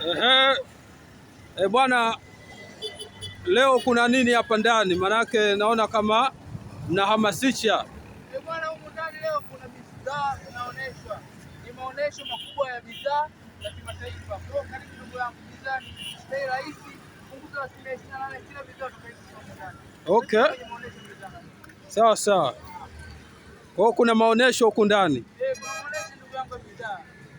Ehe, e bwana, leo kuna nini hapa ndani? Manake naona kama mnahamasisha. E eh, bwana, huko ndani leo kuna bidhaa inaonyeshwa, ni maonyesho makubwa ya bidhaa za kimataifa. Karibu ndugu yangu, bidhaa ni bei rahisi, punguzo la asilimia ishirini na nane kila bidhaa. Okay, sawa sawa. Kwa hiyo kuna maonyesho huko ndani. Eh, kuna ndugu yangu bidhaa.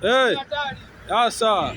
Hey, asa